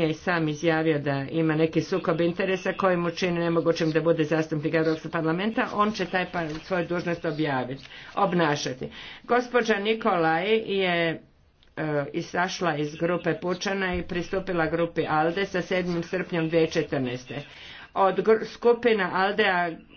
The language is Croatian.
nije sam izjavio da ima neki sukob interesa koji mu čini nemogućim da bude zastupnik Europskog parlamenta, on će taj pa, svoju dužnost objaviti, obnašati. Gospođa Nikolaj je e, izašla iz grupe Pučana i pristupila grupi ALDE sa 7. srpnjem 2014. Od skupina ALDE-a